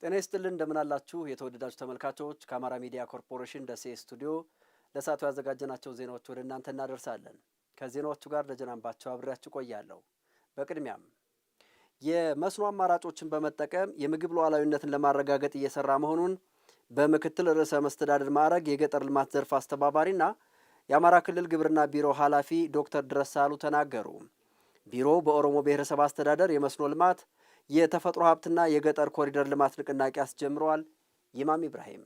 ጤና ይስጥልን እንደምናላችሁ የተወደዳችሁ ተመልካቾች፣ ከአማራ ሚዲያ ኮርፖሬሽን ደሴ ስቱዲዮ ለሰዓቱ ያዘጋጀናቸው ዜናዎች ወደ እናንተ እናደርሳለን። ከዜናዎቹ ጋር ደጀናንባቸው አብሬያችሁ ቆያለሁ። በቅድሚያም የመስኖ አማራጮችን በመጠቀም የምግብ ሉዓላዊነትን ለማረጋገጥ እየሰራ መሆኑን በምክትል ርዕሰ መስተዳድር ማዕረግ የገጠር ልማት ዘርፍ አስተባባሪና የአማራ ክልል ግብርና ቢሮ ኃላፊ ዶክተር ድረሳሉ ተናገሩ። ቢሮው በኦሮሞ ብሔረሰብ አስተዳደር የመስኖ ልማት የተፈጥሮ ሀብትና የገጠር ኮሪደር ልማት ንቅናቄ አስጀምረዋል። ይማም ኢብራሂም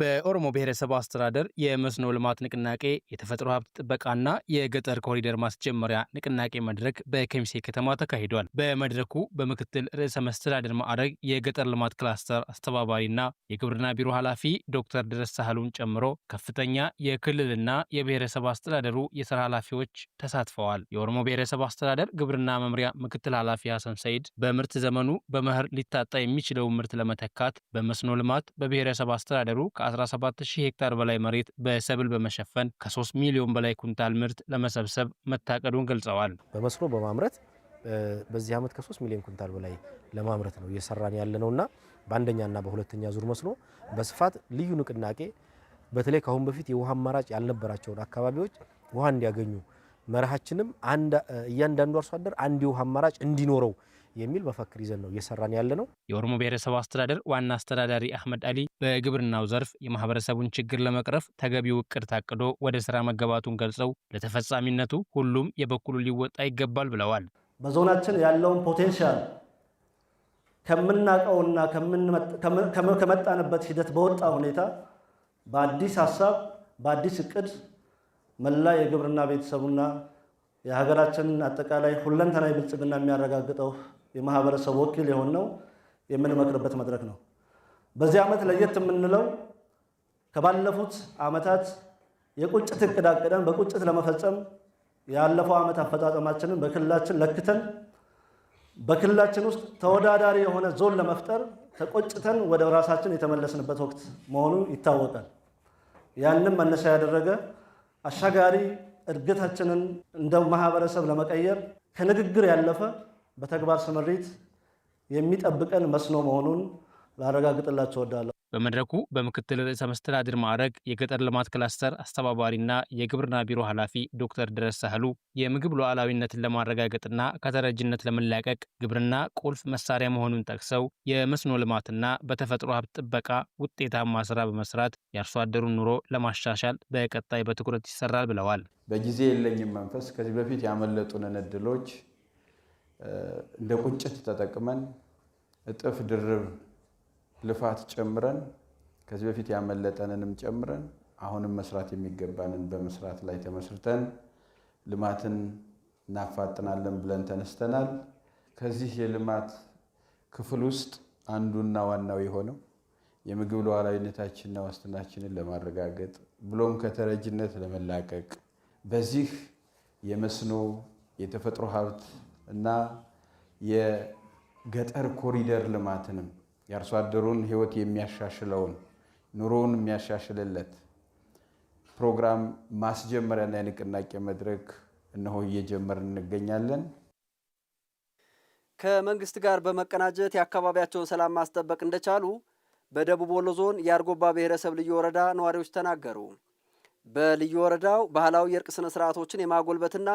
በኦሮሞ ብሔረሰብ አስተዳደር የመስኖ ልማት ንቅናቄ የተፈጥሮ ሀብት ጥበቃና የገጠር ኮሪደር ማስጀመሪያ ንቅናቄ መድረክ በከሚሴ ከተማ ተካሂዷል። በመድረኩ በምክትል ርዕሰ መስተዳደር ማዕረግ የገጠር ልማት ክላስተር አስተባባሪና የግብርና ቢሮ ኃላፊ ዶክተር ድረስ ሳህሉን ጨምሮ ከፍተኛ የክልልና የብሔረሰብ አስተዳደሩ የስራ ኃላፊዎች ተሳትፈዋል። የኦሮሞ ብሔረሰብ አስተዳደር ግብርና መምሪያ ምክትል ኃላፊ ሀሰን ሰይድ በምርት ዘመኑ በመኸር ሊታጣ የሚችለውን ምርት ለመተካት በመስኖ ልማት በብሔረሰብ አስተዳደሩ ከ170 ሄክታር በላይ መሬት በሰብል በመሸፈን ከ3 ሚሊዮን በላይ ኩንታል ምርት ለመሰብሰብ መታቀዱን ገልጸዋል። በመስኖ በማምረት በዚህ ዓመት ከ3 ሚሊዮን ኩንታል በላይ ለማምረት ነው እየሰራን ያለነውና በአንደኛና በሁለተኛ ዙር መስኖ በስፋት ልዩ ንቅናቄ በተለይ ከአሁን በፊት የውሃ አማራጭ ያልነበራቸውን አካባቢዎች ውሃ እንዲያገኙ መርሃችንም እያንዳንዱ አርሶ አደር አንድ የውሃ አማራጭ እንዲኖረው የሚል መፈክር ይዘን ነው እየሰራን ያለ ነው። የኦሮሞ ብሔረሰብ አስተዳደር ዋና አስተዳዳሪ አህመድ አሊ በግብርናው ዘርፍ የማህበረሰቡን ችግር ለመቅረፍ ተገቢው እቅድ ታቅዶ ወደ ስራ መገባቱን ገልጸው ለተፈጻሚነቱ ሁሉም የበኩሉ ሊወጣ ይገባል ብለዋል። በዞናችን ያለውን ፖቴንሻል ከምናውቀውና ከመጣንበት ሂደት በወጣ ሁኔታ በአዲስ ሀሳብ በአዲስ እቅድ መላ የግብርና ቤተሰቡና የሀገራችንን አጠቃላይ ሁለንተናዊ ብልጽግና የሚያረጋግጠው የማህበረሰብ ወኪል ነው የምንመክርበት መድረክ ነው። በዚህ ዓመት ለየት የምንለው ከባለፉት ዓመታት የቁጭት እቅድ አቅደን በቁጭት ለመፈጸም ያለፈው ዓመት አፈጻጸማችንን በክልላችን ለክተን በክልላችን ውስጥ ተወዳዳሪ የሆነ ዞን ለመፍጠር ተቆጭተን ወደ ራሳችን የተመለስንበት ወቅት መሆኑ ይታወቃል። ያንም መነሻ ያደረገ አሻጋሪ እድገታችንን እንደ ማህበረሰብ ለመቀየር ከንግግር ያለፈ በተግባር ስምሪት የሚጠብቀን መስኖ መሆኑን ላረጋግጥላቸው እወዳለሁ። በመድረኩ በምክትል ርዕሰ መስተዳድር ማዕረግ የገጠር ልማት ክላስተር አስተባባሪና የግብርና ቢሮ ኃላፊ ዶክተር ድረስ ሳህሉ የምግብ ሉዓላዊነትን ለማረጋገጥና ከተረጅነት ለመላቀቅ ግብርና ቁልፍ መሳሪያ መሆኑን ጠቅሰው የመስኖ ልማትና በተፈጥሮ ሀብት ጥበቃ ውጤታማ ስራ በመስራት የአርሶ አደሩን ኑሮ ለማሻሻል በቀጣይ በትኩረት ይሰራል ብለዋል። በጊዜ የለኝም መንፈስ ከዚህ በፊት ያመለጡንን እድሎች እንደ ቁንጭት ተጠቅመን እጥፍ ድርብ ልፋት ጨምረን ከዚህ በፊት ያመለጠንንም ጨምረን አሁንም መስራት የሚገባንን በመስራት ላይ ተመስርተን ልማትን እናፋጥናለን ብለን ተነስተናል። ከዚህ የልማት ክፍል ውስጥ አንዱና ዋናው የሆነው የምግብ ሉዓላዊነታችንና ዋስትናችንን ለማረጋገጥ ብሎም ከተረጅነት ለመላቀቅ በዚህ የመስኖ የተፈጥሮ ሀብት እና የገጠር ኮሪደር ልማትንም የአርሶ አደሩን የሚያሻሽለውን ኑሮውን የሚያሻሽልለት ፕሮግራም ማስጀመሪያና የንቅናቄ መድረክ እነሆ እየጀመር እንገኛለን። ከመንግስት ጋር በመቀናጀት የአካባቢያቸውን ሰላም ማስጠበቅ እንደቻሉ በደቡብ ወሎ ዞን የአርጎባ ብሔረሰብ ልዩ ወረዳ ነዋሪዎች ተናገሩ። በልዩ ወረዳው ባህላዊ የእርቅ ስነ ስርዓቶችን የማጎልበትና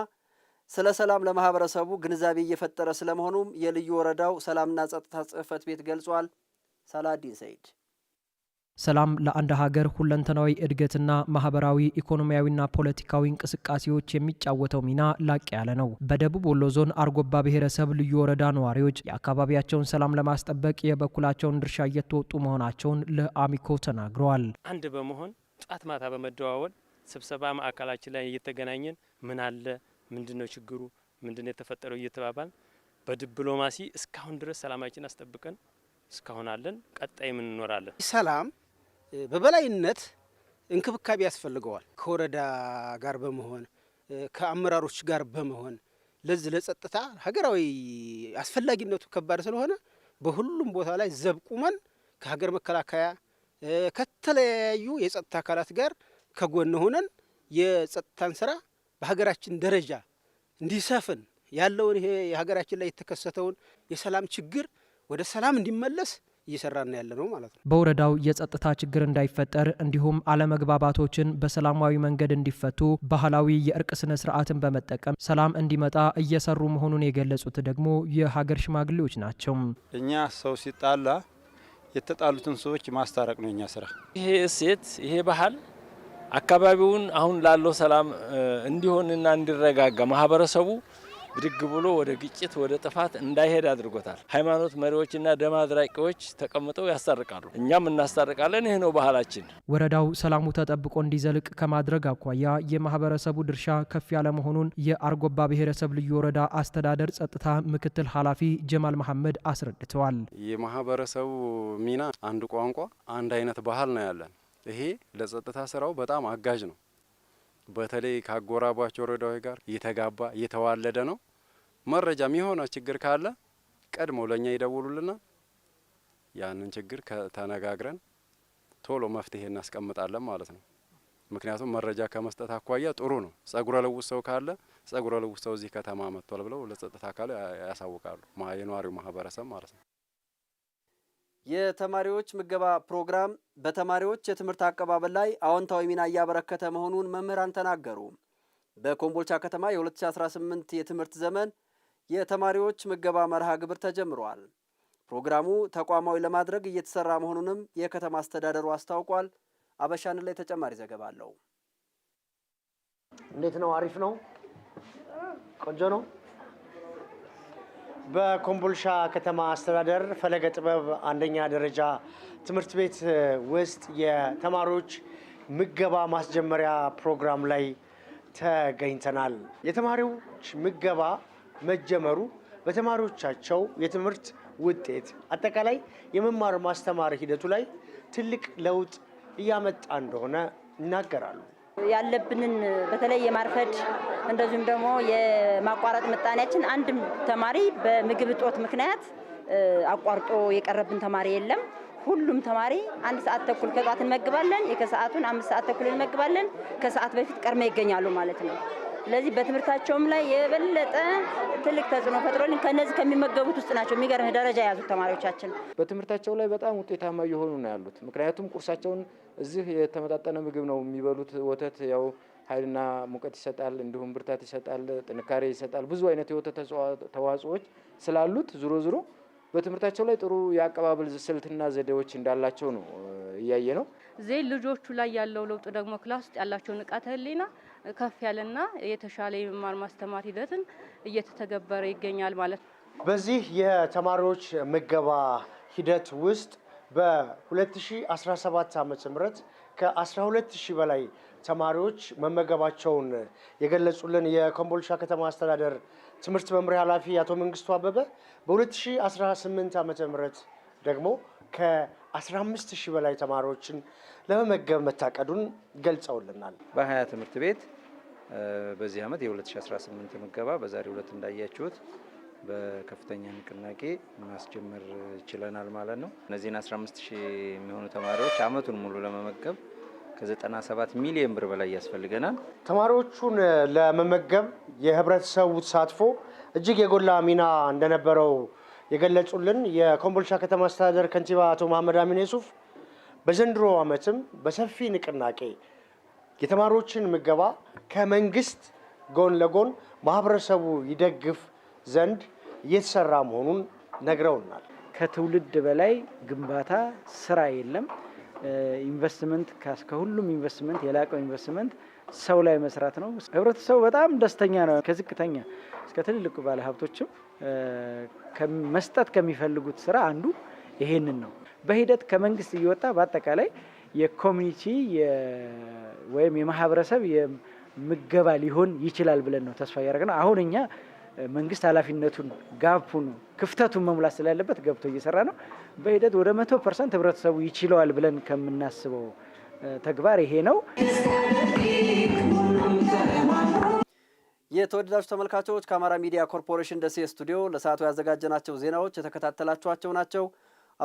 ስለ ሰላም ለማህበረሰቡ ግንዛቤ እየፈጠረ ስለመሆኑም የልዩ ወረዳው ሰላምና ጸጥታ ጽሕፈት ቤት ገልጿል። ሳላዲን ሰይድ ሰላም ለአንድ ሀገር ሁለንተናዊ እድገትና ማህበራዊ ኢኮኖሚያዊና ፖለቲካዊ እንቅስቃሴዎች የሚጫወተው ሚና ላቅ ያለ ነው። በደቡብ ወሎ ዞን አርጎባ ብሔረሰብ ልዩ ወረዳ ነዋሪዎች የአካባቢያቸውን ሰላም ለማስጠበቅ የበኩላቸውን ድርሻ እየተወጡ መሆናቸውን ለአሚኮ ተናግረዋል። አንድ በመሆን ጧት ማታ በመደዋወል ስብሰባ ማዕከላችን ላይ እየተገናኘን ምን አለ ምንድን ነው ችግሩ፣ ምንድን ነው የተፈጠረው እየተባባል በዲፕሎማሲ እስካሁን ድረስ ሰላማችን አስጠብቀን እስካሁን አለን። ቀጣይም እንኖራለን። ሰላም በበላይነት እንክብካቤ ያስፈልገዋል። ከወረዳ ጋር በመሆን ከአመራሮች ጋር በመሆን ለዚህ ለጸጥታ ሀገራዊ አስፈላጊነቱ ከባድ ስለሆነ በሁሉም ቦታ ላይ ዘብቁመን ከሀገር መከላከያ ከተለያዩ የጸጥታ አካላት ጋር ከጎን ሆነን የጸጥታን ስራ በሀገራችን ደረጃ እንዲሰፍን ያለውን ይሄ የሀገራችን ላይ የተከሰተውን የሰላም ችግር ወደ ሰላም እንዲመለስ እየሰራና ያለ ነው ማለት ነው። በወረዳው የጸጥታ ችግር እንዳይፈጠር እንዲሁም አለመግባባቶችን በሰላማዊ መንገድ እንዲፈቱ ባህላዊ የእርቅ ስነ ስርዓትን በመጠቀም ሰላም እንዲመጣ እየሰሩ መሆኑን የገለጹት ደግሞ የሀገር ሽማግሌዎች ናቸው። እኛ ሰው ሲጣላ የተጣሉትን ሰዎች ማስታረቅ ነው እኛ ስራ። ይሄ እሴት ይሄ ባህል አካባቢውን አሁን ላለው ሰላም እንዲሆንና እንዲረጋጋ ማህበረሰቡ ብድግ ብሎ ወደ ግጭት ወደ ጥፋት እንዳይሄድ አድርጎታል። ሃይማኖት መሪዎችና ደም አድራቂዎች ተቀምጠው ያስታርቃሉ፣ እኛም እናስታርቃለን። ይህ ነው ባህላችን። ወረዳው ሰላሙ ተጠብቆ እንዲዘልቅ ከማድረግ አኳያ የማህበረሰቡ ድርሻ ከፍ ያለ መሆኑን የአርጎባ ብሔረሰብ ልዩ ወረዳ አስተዳደር ጸጥታ ምክትል ኃላፊ ጀማል መሐመድ አስረድተዋል። የማህበረሰቡ ሚና አንድ ቋንቋ፣ አንድ አይነት ባህል ነው ያለን ይሄ ለጸጥታ ስራው በጣም አጋዥ ነው። በተለይ ካጎራባቸው ወረዳዎች ጋር እየተጋባ እየተዋለደ ነው። መረጃም የሆነ ችግር ካለ ቀድሞ ለእኛ ይደውሉልና ያንን ችግር ተነጋግረን ቶሎ መፍትሄ እናስቀምጣለን ማለት ነው። ምክንያቱም መረጃ ከመስጠት አኳያ ጥሩ ነው። ጸጉረ ልውጥ ሰው ካለ ጸጉረ ልውጥ ሰው እዚህ ከተማ መጥቷል ብለው ለጸጥታ አካል ያሳውቃሉ፣ የነዋሪው ማህበረሰብ ማለት ነው። የተማሪዎች ምገባ ፕሮግራም በተማሪዎች የትምህርት አቀባበል ላይ አዎንታዊ ሚና እያበረከተ መሆኑን መምህራን ተናገሩ። በኮምቦልቻ ከተማ የ2018 የትምህርት ዘመን የተማሪዎች ምገባ መርሃ ግብር ተጀምሯል። ፕሮግራሙ ተቋማዊ ለማድረግ እየተሰራ መሆኑንም የከተማ አስተዳደሩ አስታውቋል። አበሻን ላይ ተጨማሪ ዘገባ አለው። እንዴት ነው? አሪፍ ነው። ቆንጆ ነው። በኮምቦልሻ ከተማ አስተዳደር ፈለገ ጥበብ አንደኛ ደረጃ ትምህርት ቤት ውስጥ የተማሪዎች ምገባ ማስጀመሪያ ፕሮግራም ላይ ተገኝተናል። የተማሪዎች ምገባ መጀመሩ በተማሪዎቻቸው የትምህርት ውጤት፣ አጠቃላይ የመማር ማስተማር ሂደቱ ላይ ትልቅ ለውጥ እያመጣ እንደሆነ ይናገራሉ። ያለብንን በተለይ የማርፈድ እንደዚሁም ደግሞ የማቋረጥ ምጣኔያችን አንድም ተማሪ በምግብ እጦት ምክንያት አቋርጦ የቀረብን ተማሪ የለም። ሁሉም ተማሪ አንድ ሰዓት ተኩል ከጧት እንመግባለን፣ የከሰዓቱን አምስት ሰዓት ተኩል እንመግባለን። ከሰዓት በፊት ቀድመ ይገኛሉ ማለት ነው። ለዚህ በትምህርታቸውም ላይ የበለጠ ትልቅ ተጽዕኖ ፈጥሮልን ከነዚህ ከሚመገቡት ውስጥ ናቸው። የሚገርም ደረጃ የያዙት ተማሪዎቻችን በትምህርታቸው ላይ በጣም ውጤታማ እየሆኑ ነው ያሉት። ምክንያቱም ቁርሳቸውን እዚህ የተመጣጠነ ምግብ ነው የሚበሉት። ወተት ያው ኃይልና ሙቀት ይሰጣል፣ እንዲሁም ብርታት ይሰጣል፣ ጥንካሬ ይሰጣል። ብዙ አይነት የወተት ተዋጽኦዎች ስላሉት ዞሮ ዞሮ በትምህርታቸው ላይ ጥሩ የአቀባበል ስልትና ዘዴዎች እንዳላቸው ነው እያየ ነው። ዜ ልጆቹ ላይ ያለው ለውጥ ደግሞ ክላስ ውስጥ ያላቸው ንቃተ ህሊና ከፍ ያለና የተሻለ የመማር ማስተማር ሂደትን እየተተገበረ ይገኛል ማለት ነው። በዚህ የተማሪዎች ምገባ ሂደት ውስጥ በ2017 ም ከ12000 በላይ ተማሪዎች መመገባቸውን የገለጹልን የኮምቦልቻ ከተማ አስተዳደር ትምህርት መምሪያ ኃላፊ አቶ መንግስቱ አበበ በ2018 ም ደግሞ ከ15000 በላይ ተማሪዎችን ለመመገብ መታቀዱን ገልጸውልናል። በሀያ ትምህርት ቤት በዚህ ዓመት የ2018 ምገባ በዛሬ ሁለት እንዳያችሁት በከፍተኛ ንቅናቄ ማስጀመር ችለናል ማለት ነው። እነዚህን 15 ሺህ የሚሆኑ ተማሪዎች አመቱን ሙሉ ለመመገብ ከ97 ሚሊዮን ብር በላይ ያስፈልገናል። ተማሪዎቹን ለመመገብ የህብረተሰቡ ተሳትፎ እጅግ የጎላ ሚና እንደነበረው የገለጹልን የኮምቦልቻ ከተማ አስተዳደር ከንቲባ አቶ መሐመድ አሚን ዩሱፍ በዘንድሮ ዓመትም በሰፊ ንቅናቄ የተማሪዎችን ምገባ ከመንግስት ጎን ለጎን ማህበረሰቡ ይደግፍ ዘንድ እየተሰራ መሆኑን ነግረውናል። ከትውልድ በላይ ግንባታ ስራ የለም። ኢንቨስትመንት ከሁሉም ኢንቨስትመንት የላቀው ኢንቨስትመንት ሰው ላይ መስራት ነው። ህብረተሰቡ በጣም ደስተኛ ነው። ከዝቅተኛ እስከ ትልልቁ ሀብቶችም መስጠት ከሚፈልጉት ስራ አንዱ ይሄንን ነው። በሂደት ከመንግስት እየወጣ በአጠቃላይ የኮሚኒቲ ወይም የማህበረሰብ ምገባ ሊሆን ይችላል ብለን ነው ተስፋ ነው አሁን እኛ መንግስት ኃላፊነቱን ጋፑን ክፍተቱን መሙላት ስላለበት ገብቶ እየሰራ ነው። በሂደት ወደ መቶ ፐርሰንት ህብረተሰቡ ይችለዋል ብለን ከምናስበው ተግባር ይሄ ነው። የተወደዳችሁ ተመልካቾች ከአማራ ሚዲያ ኮርፖሬሽን ደሴ ስቱዲዮ ለሰዓቱ ያዘጋጀናቸው ዜናዎች የተከታተላችኋቸው ናቸው።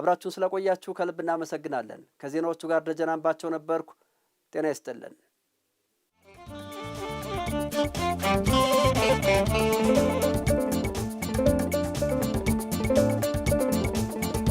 አብራችሁን ስለቆያችሁ ከልብ እናመሰግናለን። ከዜናዎቹ ጋር ደጀናንባቸው ነበርኩ። ጤና ይስጥልን። Thank you.